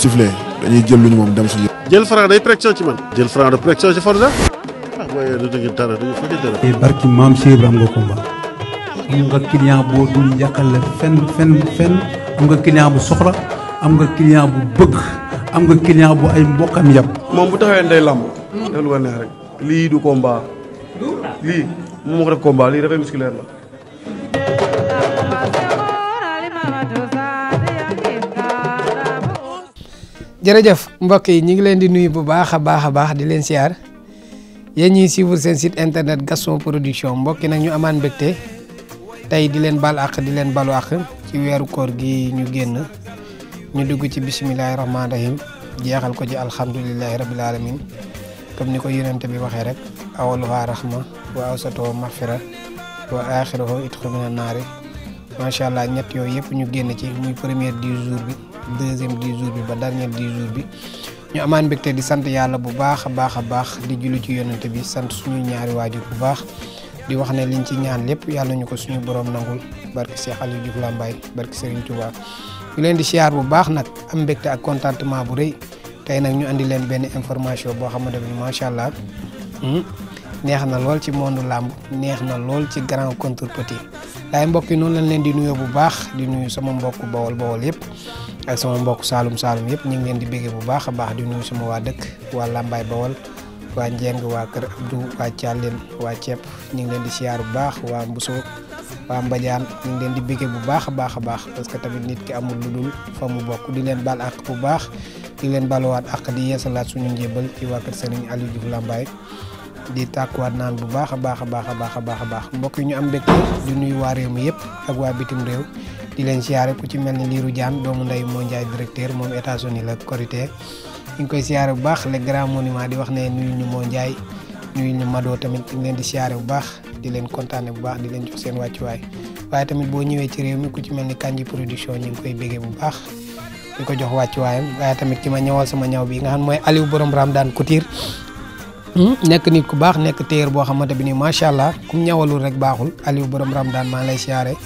sifflé dañuy jël lu ñu moom dem suñu. jël Franc day pression ci man. jël Franc de pression ci Forza. Ah. ah mooy lu dëgg dara du ñu fa dara. barki maam Cheikh Ibrahima am nga combat. am nga client boo dul yàqal fenn fenn fenn am nga client bu soxla am nga client bu bëgg am nga client bu ay mbokkam yàpp. moom bu taxawee day lamb. def lu ko rek lii du combat. lii moom moo ko def combat lii dafay musculaire la. jërëjëf mbokk yi ñu ngi leen di nuyu bu baax a baax a baax di leen siyaar yéen ñiy suivre seen site internet Gaston Production mbokki yi nag ñu amaan mbégte tey di leen baal àq di leen balu àq ci weeru koor gi ñu génn ñu dugg ci bisimilahi rahmaani rahim jeexal ko ci alhamdulilahi rabil alamin comme ni ko yonent bi waxee rek awaluha rahma wa awsatuhu maxfira wa axiruhu itqu mina naari macha allah ñett yooyu yëpp ñu génn ci muy première dix jours bi deuxième dix jours bi ba dernier dix jours bi ñu amaan mbégte di sant yàlla bu baax a baax a baax di julli ci yonent bi sant suñu ñaari waajur bu baax di wax ne liñ ci ñaan lépp yàlla ñu ko suñu borom nangul barke Cheikh Aliou Diouf Lambaye barke Serigne Touba ñu leen di siyaar bu baax nag am mbégte ak contentement bu rëy tey nag ñu indi leen benn information boo xamante ni macha allah hmm, neex na lool ci monde làmb neex na lool ci grand contre petit waaye mbokk yi noonu lañ leen di nuyoo bu baax di nuyu sama mbokk bawol bawol yëpp ak sama mbokk saalum saalum yëpp ñu ngi leen di béggee bu baax a baax di nuyu waa dëkk waa Lambaay bawol waa Njeng waa Kër Abdou waa waa Ceeb ñu leen di siyaar bu baax waa Mbuso waa Mbadiane ñu ngi leen di béggee bu baax a baax a baax parce que tamit nit ki amul lu dul fa mu bokk di leen baal àq bu baax di leen baluwaat àq di yeesalaat suñu njébal ci waa kër Serigne Aliou Diouf Lambaay di tàkkuwaat naan bu baax a baax a baax a baax baax a baax mbokk yi ñu am mbégte di nuyu waa réew mi yëpp ak waa bitim réew di leen siyaare ku ci mel ni liiru jaan doomu ndey moo njaay directeur moom États-Unis la Korité ñu ngi koy siyaare bu baax le grand monument di wax ne nuyu ñu moo njaay nuyu ñu madoo tamit ñu leen di siyaare bu baax di leen kontaane bu baax di leen jox seen wàcc waaye tamit boo ñëwee ci réew mi ku ci mel ni kanji production ñu ngi koy béggee bu baax di ko jox tamit ki ma ñëwal sama ñaw bi nga xam mooy Aliou borom Ramdan Hmm? nekk nit ku baax nekk téer boo xamante bi nii macha allah ku ñawalul rek baaxul Aliou borom Ramadan maa lay siyaare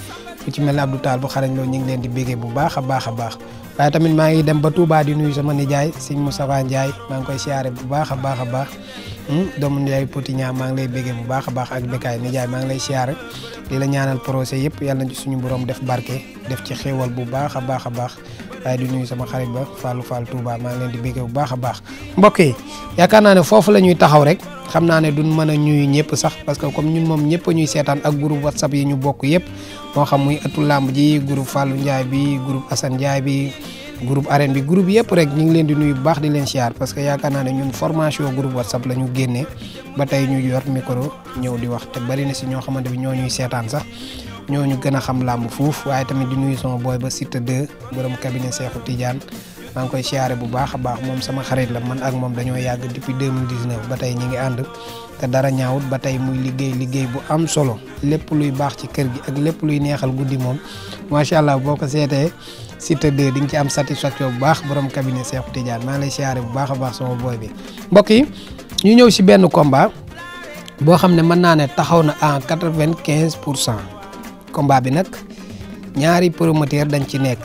ku ci mel ne Abdou taal bu xarañ loolu ñu ngi leen di béggee bu baax a baax a baax waaye tamit maa ngi dem ba Touba di nuyu sama nijaay sëñ Moustapha Ndiaye maa ngi koy siyaare bu baax a baax a baax Hmm, doomu Ndiaye Poti ñaa maa ngi lay béggee bu baax a baax ak békaay nijaay maa ngi lay siyaare di la ñaanal procès yëpp yàlla na suñu borom def barke def ci xewal bu baax a baax a baax waaye du ñuy sama xarit ba Fallou Fall Touba maa ngi leen di béggee bu baax a baax mbokk yi yaakaar naa ne foofu la ñuy taxaw rek xam naa ne duñ mën a ñuy ñëpp sax parce que comme ñun moom ñëpp ñuy seetaan ak groupe whatsapp yi ñu bokk yëpp moo xam muy ëttu làmb ji groupe Fallou Ndiaye bi groupe Assane Ndiaye bi groupe arène bi groupe yëpp rek ñu ngi leen di nuyu bu baax di leen siyaar parce que yaakaar naa ne ñun formation groupe whatsapp la génnee ba tey ñu yor micro ñëw di wax te bari na si ñoo xamante bi ñoo ñuy seetaan sax ñoo ñu gën a xam làmb fuuf waaye tamit di nuyu sama booy ba Siteu 2 borom cabinet Cheikhou Tidiane maa ngi koy siyaare bu baax a baax moom sama xarit la man ak moom dañoo yàgg depuis 2019 ba tey ñi ngi ànd te dara ñaawut ba tey muy liggéey liggéey bu am solo lépp luy baax ci kër gi ak lépp luy neexal guddi moom Cité 2 di nga ci am satisfaction bu baax borom cabinet Cheikh Tidiane maa ngi lay siyaare bu baax a baax sama booy bi mbokk yi ñu ñëw si benn combat boo xam ne mën naa ne taxaw na en quatre-vingt-quinze pour cent combat bi nag ñaari promoteur dañ ci nekk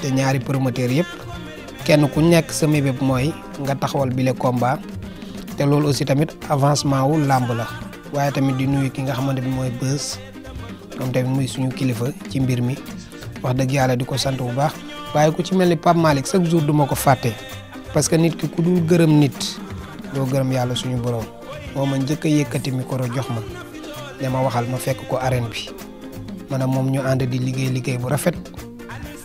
te ñaari promoteur yëpp kenn ku nekk sa mébét mooy nga taxawal bile combat te loolu aussi tamit avancement wu làmb la waaye tamit di nuyu ki nga xamante bi mooy bës moom tamit muy suñu kilifa ci mbir mi wax dëgg yàlla di ko sant bu baax waaye ku ci mel ni Pape Malick chaque jour du ko fàtte parce que nit ki ku dul gërëm nit doo gërëm yàlla suñu borom moo ma njëkk a yëkkati micro jox ma ne ma waxal ma fekk ko arène bi ma ne moom ñu ànd di liggéey liggéey bu rafet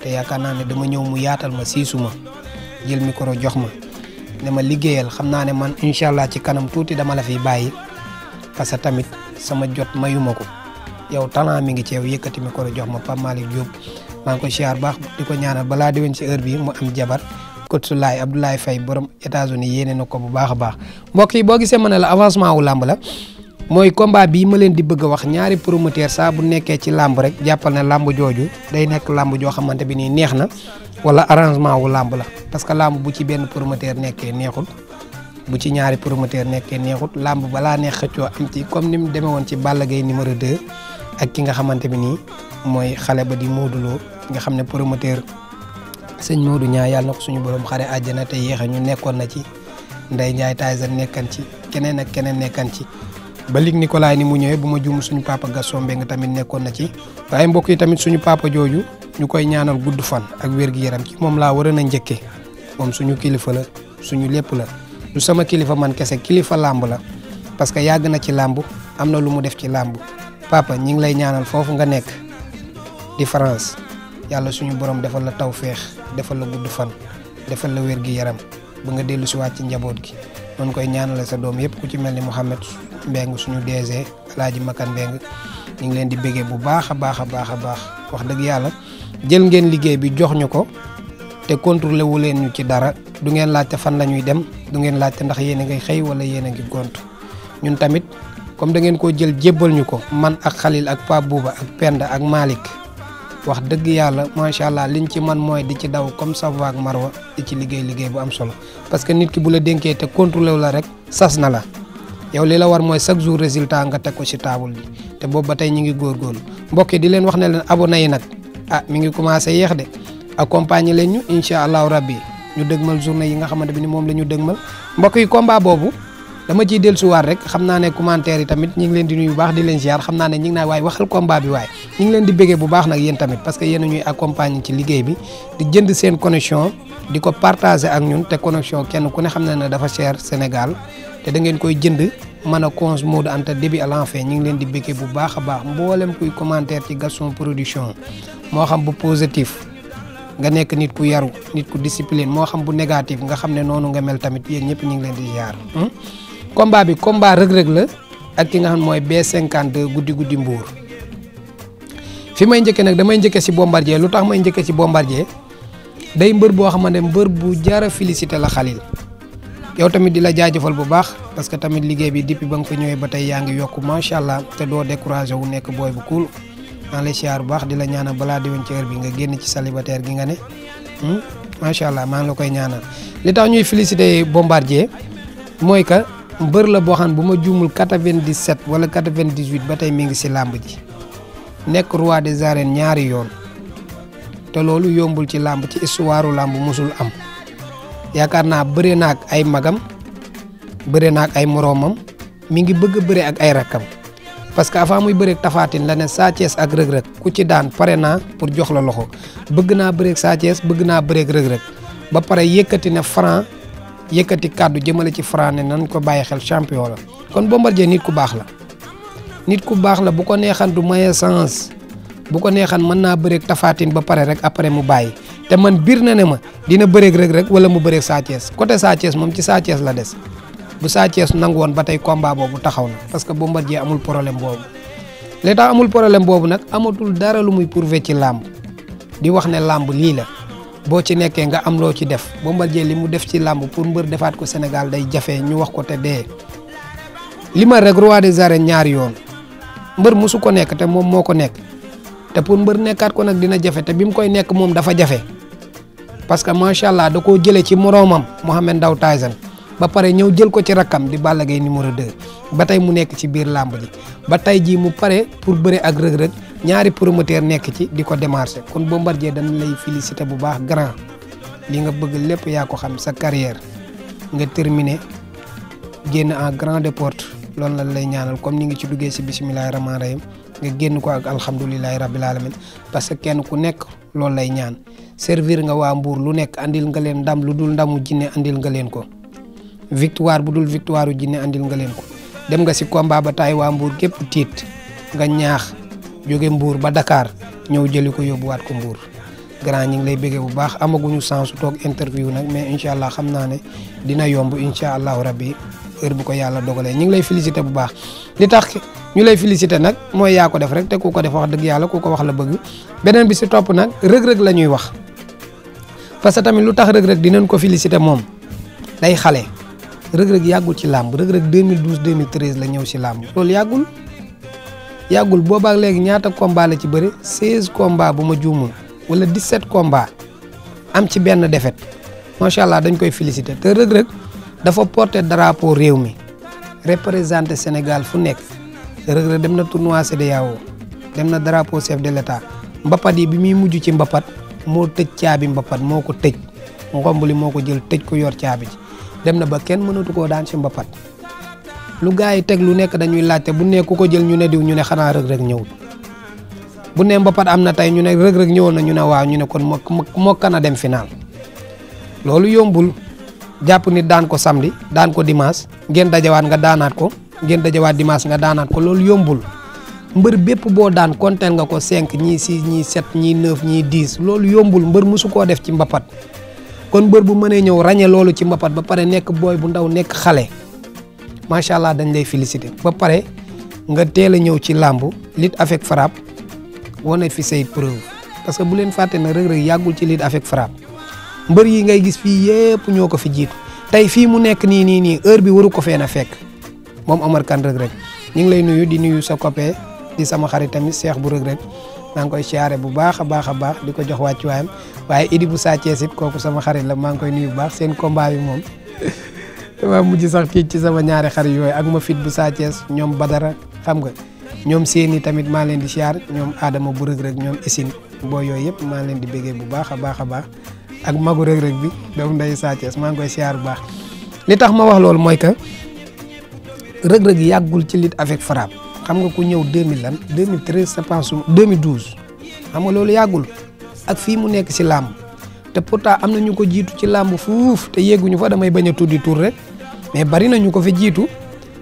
te yaakaar naa ne dama ñëw mu yaatal ma siisu ma jël micro jox ma ne ma liggéeyal xam naa ne man incha allah ci kanam tuuti dama la fiy bàyyi parce que tamit sama jot mayuma ko yow talent mi ngi ci yow yëkkati ko jox ma Pape Malick Diop. maa ngi ko siyaar baax di ko ñaanal balaa déwén si heure bi mu am jabar kot su laay Abdoulaye Faye borom États-Unis yéene ko bu baax a baax mbokk yi boo gisee ma ne la avancement wu làmb la mooy combat bii ma leen di bëgg a wax ñaari promoteur saa bu nekkee ci làmb rek jàppal ne làmb jooju day nekk làmb joo xamante bi nii neex na wala arrangement wu làmb la parce que làmb bu ci benn promoteur nekkee neexul bu ci ñaari promoteur nekkee neexut làmb balaa neex xëccoo am ci comme ni mu demee woon ci Balla Gaye numéro 2 ak ki nga xamante bi nii mooy xale ba di Modou Lo nga xam ne promoteur sëñ moodu ñaa yàlla na ko suñu borom xare àjjana te yéex a ñu nekkoon na ci Ndeye Ndiaye Tyson nekkan ci keneen ak keneen nekkan ci. ba lig Nicolas ni mu ñëwee bu ma jum suñu papa Gaston nga tamit nekkoon na ci waaye mbokk yi tamit suñu papa jooju ñu koy ñaanal gudd fan ak wér yaram ci moom laa wara a njëkke moom suñu kilifa la suñu lépp la du sama kilifa man kese kilifa làmb la parce que yàgg na ci làmb am na lu mu def ci làmb papa ñi ngi lay ñaanal foofu nga nekk. di France yàlla suñu boroom defal la taw féex defal la gudd fan defal la wér gi yaram ba nga dellu si ci njaboot gi noonu koy ñaanale sa doom yëpp ku ci mel ni Mouhamed Mbeng suñu DG Alaaji Makan Mbeng ñu ngi leen di béggee bu baax a baax a baax a baax wax dëgg yàlla jël ngeen liggéey bi jox ñu ko te contrôlé wu leen ñu ci dara du ngeen laajte fan la ñuy dem du ngeen laajte ndax yéen a ngi xëy wala yéen a ngi gont ñun tamit comme da ngeen jël jébbal wax dëgg yàlla macha allah li liñ ci man mooy di ci daw comme Safa ak Marwa di ci liggéey liggéey bu am solo parce que nit ki bu la dénkee te contrôlé la rek sas na la yow li la war mooy chaque jour résultat nga teg ko ci table bi te boobu ba tey ñu ngi góor góorgóorlu mbokk yi di leen wax ne leen abona yi nag ah mi ngi commencé yéex de accompagner leen ñu incha allahu yi ñu dëgg dëgmal journée yi nga xamante bi ni moom la ñu dëgmal mbokk yi combat boobu. dama ciy dellusiwaat rek xam naa ne commentaire yi tamit ñi ngi leen di nuyu baax di leen ziar xam naa ne ñi ngi naa waaye waxal combat bi waaye ñi leen di béggee bu baax nag yéen tamit parce que yéen ñuy accompagner ci liggéey bi di jënd seen connexion di ko partager ak ñun te connexion kenn ku ne xam na ne dafa cher Sénégal te da ngeen koy jënd mën a cons Modou Anta début à la fin ñu ngi leen di béggee bu baax a baax mboolem kuy commentaire ci Gaston Production moo xam bu positif nga nekk nit ku yaru nit ku discipline moo xam bu négatif nga xam ne noonu nga mel tamit yéen ñëpp ñu ngi leen di ziar combat bi combat rëg-rëg la ak ki nga xam mooy b guddi guddi mbuur fi may njëkkee nag damay njëkkee si bombardier lu tax may njëkkee si bombardier day mbër boo xamante ne mbër bu jara félicité la xalil yow tamit di la jaajëfal bu baax parce que tamit liggéey bi depuis ba nga fa ñëwee ba tey yaa ngi yokk macha allah te doo découragé wu nekk booy bu cool maa lay siyaar bu baax di la ñaana balaa déwén ci heure bi nga génn ci célibataire gi nga ne hmm? macha allah maa ngi koy ñaanal li tax mbër la boo xam ne bu ma juumul 97 wala 98 ba tey mi ngi si làmb ji nekk roi des arènes ñaari yoon te loolu yombul ci làmb ci histoire làmb mosul am yaakaar naa bëre na ak ay magam bëre na ak ay moroomam mi ngi bëgg a ak ay rakkam parce que avant muy bëreeg tafaatin la ne Sa Thiès ak Reug Reug ku ci daan pare naa pour jox la loxo bëgg naa bëreeg Sa Thiès bëgg naa bëreeg Reug Reug ba pare yëkkati ne Franc yëkkati kàddu jëmale ci Franc ne nañ ko bàyyi xel champion la kon Bombardier nit ku baax la nit ku baax la bu ko neexan du maye sance bu ko neexan mën naa bëreeg tafaatin ba pare rek après mu bàyyi te man biir na ne ma dina bëreeg rek rek wala mu bëreeg Sa Thiès côté Sa Thiès moom ci Sa la des bu Sa Thiès nangu woon ba tey combat boobu taxaw na parce que Bombardier amul problème boobu li tax amul problème boobu nag amatul dara lu muy prouver ci làmb di wax ne làmb lii la boo ci nekkee nga am loo ci def Bombardier li mu def ci làmb pour mbër defaat ko Sénégal day jafe ñu wax ko te dee li ma rek roi des arènes ñaari yoon mbër mosu ko nekk te moom moo ko nekk te pour mbër nekkaat ko nag dina jafe te bi mu koy nekk moom dafa jafe parce que macha allah da koo jëlee ci moroomam Mohamed Ndao Tyson ba pare ñëw jël ko ci rakkam di Balla Gaye numéro 2 ba tey mu nekk ci biir làmb ji ba tey jii mu pare pour bëre ak rëg-rëg ñaari promoteur nekk ci di ko démarché kon bombar Bombardier dañ lay félicité bu baax grand li nga bëgg lépp yaa ko xam sa carrière nga terminé génn en grand grande porte loolu lañ lay ñaanal comme ni ngi ci duggee si bisimilahi rahmaani rahim nga génn ko ak alhamdulilahi rabil alamin parce que kenn ku nekk loolu lay ñaan servir nga waa mbuur lu nekk andil nga leen ndam lu dul ndamu jinne andil nga leen ko victoire bu dul victoire u jinne andil nga leen ko dem nga si combat ba taay waa Mbour gépp tiit nga ñaax jóge mbuur ba dakaar ñëw jëli ko yóbbuwaat ko Mbour grand ñi ngi lay béggee bu baax amaguñu chance toog interview nag mais incha allah xam naa ne dina yomb incha allahu rabbi heure bu ko yàlla dogalee ñu ngi lay félicité bu baax li tax ñu lay félicité nag mooy yaa ko def rek te ku ko def wax dëgg yàlla ku ko wax la bëgg beneen bi si topp nag rëg-rëg la ñuy wax parce que tamit lu tax rëg-rëg dinañ ko félicité moom day xale rëg-rëg yàggul ci làmb rëg-rëg 2012 2013 la ñëw si làmb loolu yàggul boobaak léegi ñaata combat la ci bëri 16 kombaa bu ma juumu wala 17 combat am ci benn défaite macha allah dañ koy féliciter te Reug Reug dafa porter drapeau réew mi représenter Sénégal fu nekk Reug Reug dem na de CEDEAO dem na drapeau chef de l'État mbapat yi bi muy mujj ci mbapat moo tëj caabi mbapat moo ko tëj ngomb li moo ko jël tëj ko yor caabi ji dem na ba kenn mënatu koo daan ci mbapat lu gars yi teg lu nekk dañuy laajte bu ne ko jël ñu ne diw ñu ne xanaa Reug Reug ñëwul bu ne mbapat am na tey ñu ne Reug Reug ñëwoon na ñu ne waaw ñu ne kon moo moo kan a dem final loolu yombul jàpp nit daan ko samedi daan ko dimanche ngeen dajawaat nga daanaat ko ngeen dajawaat dimanche nga daanaat ko loolu yombul mbër bépp boo daan konteel nga ko 5 ñii 6 ñii 7 ñii 9 ñii 10 loolu yombul mbër musu koo def ci mbappat kon mbër bu mënee ñëw ràññee loolu ci mbapat ba pare nekk booy bu ndaw nekk xale macha allah dañ lay féliciter ba pare nga teel a ñëw ci làmb lutte avec frappe wane fi say preuve parce que bu leen fàtte na Reug Reug yàggul ci lutte avec frappe mbër yi ngay gis fii yëpp ñoo ko fi jiitu tey fii mu nekk nii nii nii heure bi waru ko fee na fekk moom Omar Kane Reug Reug ñu ngi lay nuyu di nuyu sa copain di sama xarit tamit Cheikh bu Reug Reug maa ngi koy siyaare bu baax a baax a baax di ko jox wàccuwaayam waaye Idi bu Sa Thiès it kooku sama xarit la maa ngi koy nuyu bu baax seen combat moom damaa mujj sax kii ci sama ñaari xar yooyu ak ma fit bu Sa Thiès ñoom Badara xam nga ñoom seeni tamit maa leen di siyaar ñoom Adama bu rëg rëg ñoom Esine boo yooyu yëpp maa leen di béggee bu baax a baax a baax ak magu rëg rëg bi doomu nday Sa maa ngi koy siyaar bu baax li tax ma wax loolu mooy que rëg rëg yàggul ci lutte avec frappe xam nga ku ñëw 2000 lan 2013 je pense 2012 xam nga loolu yàggul ak fii mu nekk si làmb te pourtant am na ñu ko jiitu ci làmb fuuf te yéeguñu fa damay bañ a tuddi tur rek mais bari nañu ko fi jiitu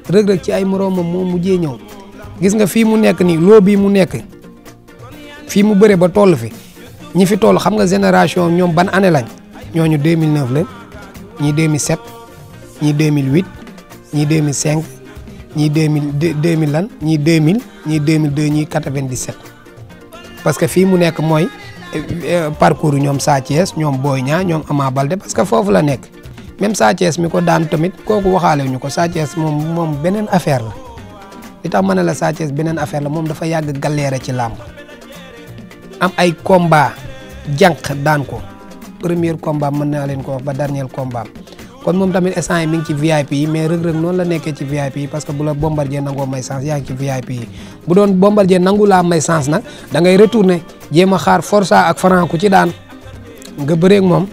rëg-rëg ci ay moroomam moo mujjee ñëw gis nga fii mu nekk nii loo bii mu nekk fii mu bëre ba toll fi ñi fi toll xam nga génération ñoom ban année lañ ñooñu 2009 la ñii 2007 ñii 2008 ñii 2005 ñii 2000 2000 lan ñii 2000 ñii 2002 ñii 97. parce que fii mu nekk mooy euh, euh, parcour ñoom Sa ñoom booy ñaa ñoom Ama Baldé parce que foofu la nekk. même Sa mi ko daan tamit kooku waxaale ñu ko Sa moom moom beneen affaire la li tax ma ne la Sa Thiès beneen affaire la moom dafa yàgg galère ci làmb am ay combat jànq daan ko premier combat mën naa leen ko ba dernier combat kon moom tamit instant yi mi ngi ci VIP yi mais rëg-rëg noonu la nekkee ci VIP yi parce que bu la Bombardier nangoo may chance yaa ngi ci VIP bu doon Bombardier nangu laa may chance nag da ngay retourner jéem a xaar Forza ak Franc ku ci daan nga bëreek moom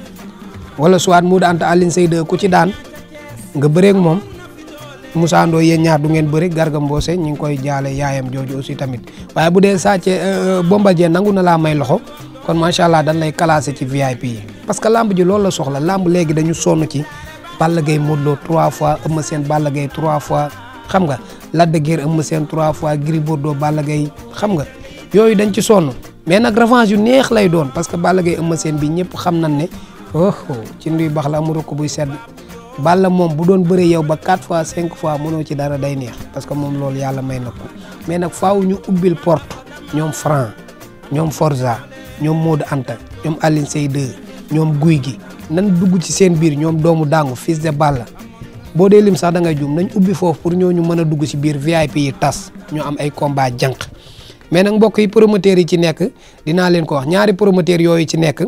wala soit Modou Anta Alioune Seye 2 ku ci daan nga bëreek moom Moussa Ndoye yéen ñaar du ngeen bëri Garga Mbossé ñi ngi koy jaale yaayam jooju aussi tamit waaye bu dee Sa Thiès euh, euh, Bombardier nangu na laa may loxo kon macha allah dan lay classé ci VIP yi. parce que làmb ji loolu la soxla làmb léegi dañu sonn ci Balla Gaye Modou Lo trois fois Eumeu Sène Balla Gaye trois fois xam nga Lac de Guiers Eumeu Sène trois fois Gris Bordeaux Balla Gaye xam nga yooyu dañ ci sonn mais nag revanche yu neex lay doon parce que Balla Gaye Eumeu bi ñëpp xam nañ ne. Oh, oh. ci nduy bax la amu ko buy sedd la moom bu doon bëre yow ba quatre fois cinq fois mënoo ci dara day neex parce que moom loolu yàlla may na ko mais nag faaw ñu ubbil porte ñoom Franc ñoom forsa ñoom moo Modou Anta ñoom Alioune Seye 2 ñoom Guy gi nan dugg ci seen biir ñoom doomu dangu fis de la boo dee lim sax da ngay jum nañ ubbi foofu pour ñu mën a dugg ci biir VIP yi tas ñu am ay combat jànq mais nag mbokk yi promoteurs yi ci nekk dinaa leen wax ñaari promoteurs yooyu ci nekk.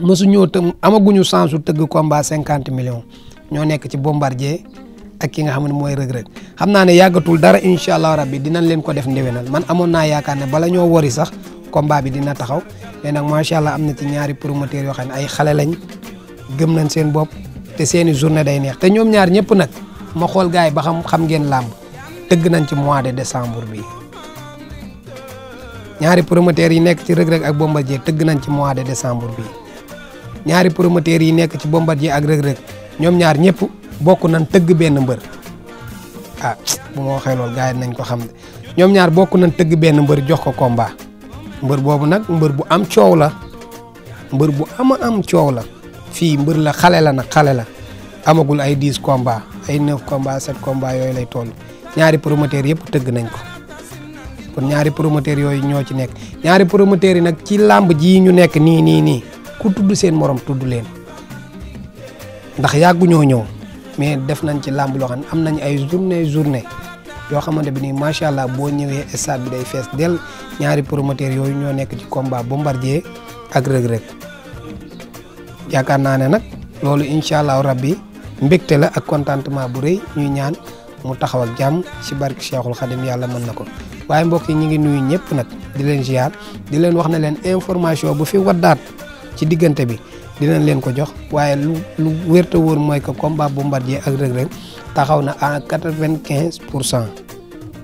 mësuñoo tam amaguñu chance su tëgg combat cinquante millions ñoo nekk ci bombardier ak ki nga xam mooy rëg-rëg xam naa ne yàggatul dara incha allah rabbi dinañ leen ko def ndewenal man amoon naa yaakaar ne bala ñoo wari sax combat bi dina taxaw mais nag macha allah am na ci ñaari promoteurs yoo xam ne ay xale lañ gëm nañ seen bopp te seeni journée day neex te ñoom ñaar ñëpp nag ma xool gars yi ba xam xam ngeen làmb tëgg nañ ci mois de décembre bii ñaari promoteurs yi nekk ci rëg-rëg ak jee tëgg nañ ci mois de décembre bi ñaari promoteurs yi nekk ci Bombardier ak Reug Reug ñoom ñaar ñëpp bokk nañ tëgg benn mbër ah bu ma waxee loolu gars nañ ko xam ne ñoom ñaar bokk na tëgg benn mbër jox ko komba mbër boobu nag mbër bu am coow la mbër bu ama am coow la fii mbër la xale la nag xale la amagul ay dix combat ay neuf combat sept combat yooyu lay toll ñaari promoteurs yëpp tëgg nañ ko kon ñaari promoteurs yooyu ñoo ci nekk ñaari promoteurs yi nag ci làmb ji ñu nekk nii nii nii ku tudd seen morom tudd leen ndax yàgguñoo ñëw mais def nañ ci làmb loo xam ne am nañ ay journée journée yoo xamante bi nii macha allah boo ñëwee stade bi day fees dell ñaari promoteur yooyu ñoo nekk ci combat bombardier ak rëg-rëg yaakaar naa ne nag loolu incha allah rabbi mbégte la ak contentement bu rëy ñuy ñaan mu taxaw ak jàmm ci barke Cheikhul Khadim yàlla mën na ko waaye mbokk yi ngi nuyu ñëpp nag di leen ziar di leen wax ne leen information bu ci diggante bi dinañ leen ko jox waaye lu lu wér te wóor mooy que combat Bombardier ak Reug Reug taxaw na à quatre-vingt-quinze pour cent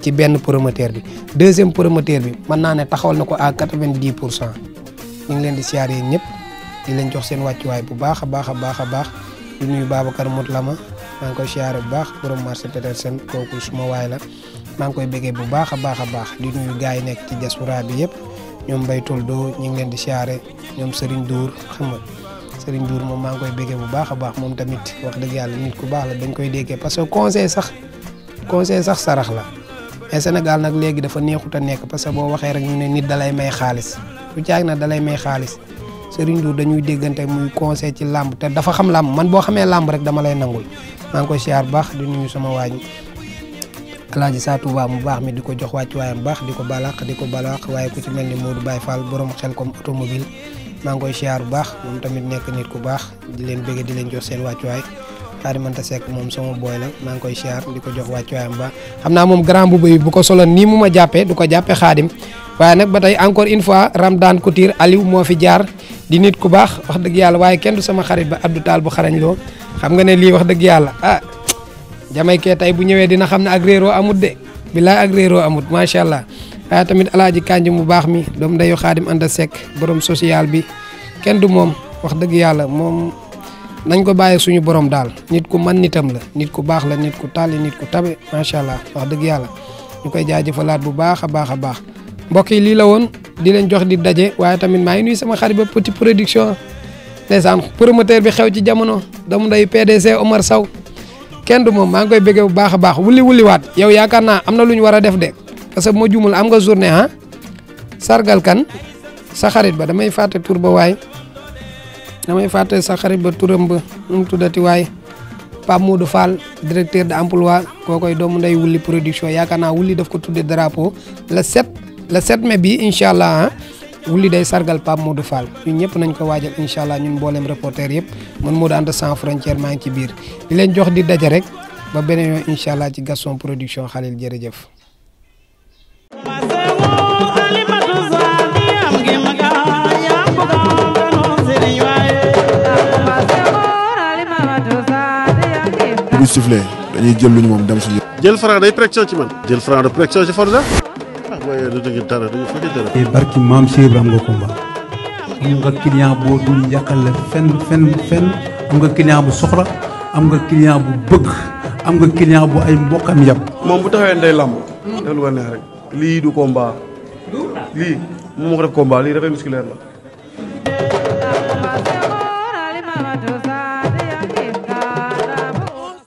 ci benn promoteur bi deuxième promoteur bi mën naa ne taxawal na ko à quatre-vingt-dix pour cent ñu ngi leen di siyaare ñëpp di leen jox seen wàccuwaay bu baax a baax a baax a baax di nuyu Babacar Moutlama maa ngi koy siyaare bu baax borom marché Petersen kooku suma waaye la maa ngi koy bëggee bu baax a baax a baax di nuyu gars yi nekk ci diaspora bi yëpp. ñoom Mbaye Toldo ñu ngi leen di siyaare ñoom Serigne Dour xam nga Serigne Dour moom maa ngi koy béggee bu baax a baax moom tamit wax dëgg yàlla nit ku baax la bañ koy déggee parce que conseil sax conseil sax sarax la mais Sénégal nag léegi dafa neexut a nekk parce que boo waxee rek ñu ne nit dalay may xaalis lu caag na dalay may xaalis Serigne Dour dañuy déggante muy conseil ci làmb te dafa xam làmb man boo xamee làmb rek dama lay nangul maa ngi koy siyaar baax di Alaaji Saa Touba mu baax mi di ko jox wàcc waayam baax di ko balaax di ko balaax waaye ku ci mel ni Modou Baye Fall borom xel comme automobile koy siyaar tamit nekk nit ku baax di leen bëgg di leen jox seen wàccuwaay xaarimante sekk moom sama booy la maa ngi koy siyaar di ko jox wàccuwaayam baax xam naa ko solo nii mu ma jàppee du ko xaadim waaye nag ba tey encore une fois Ramdan Couture Aliou moo fi jaar di nit ku baax wax dëgg yàlla waaye kenn du sama xarit ba Abdou Tall bu xarañ loo xam nga ne lii wax dëgg yàlla ah jamaykee tey bu ñëwee dina xam ne ak amut de billaay ak amut macha allah waaye ah, tamit alaaji kanji bu baax mi doom dayu xaadim ànd a sekk borom social bi kenn du moom wax dëgg yàlla moom nañ ko bàyyi suñu borom daal nit ku man nitam la nit ku baax la nit ku tàlli nit ku tabe macha allah wax dëgg yàlla ñu koy jaajëfalaat bu baax a baax a baax mbokk yi lii la woon di leen jox di daje waaye tamit maa ngi nuyu sama xarit ba petit production ndeysaan promoteur bi xew ci jamono doomu ndeyu PDC Omar Sow kenn du moom maa ngi koy béggee bu baax a baax wuli wuliwaat yow yaakaar naa am na lu ñu war a def de parce que ma jumul am nga journée ah sargal kan sa xarit ba damay fàtte tur ba waay damay fàtte sa xarit ba turam ba nu mu tuddati waay Pape Modou Fall directeur de emploi koo koy doomu nday wuli production yaakaar naa wuli daf ko tuddee drapeau le 7 le 7 mai bi incha allah ah. wulli day sargal Pape Modou Fall ñun ñëpp nañ ko waajal incha allah ñun mbooleem reporter yëpp man Modou Anta sans frontière maa ngi ci biir di leen jox di daje rek ba beneen yoon incha allah ci Gaston Production Khalil jërëjëf. bu sifflé dañuy jël lu ñu moom dem suñu. jël franc day pression ci man. waaye du te eh, barki maam Cheikh Ibrahima am nga combat boo dul yàqal la fenn fenn fenn am nga client bu soxla am nga client bu bëgg am nga client bu ay mbokkam yàpp. moom bu taxawee day lamb. def lu ko rek lii du combat. lii moom moo ko def combat lii dafay musculaire la.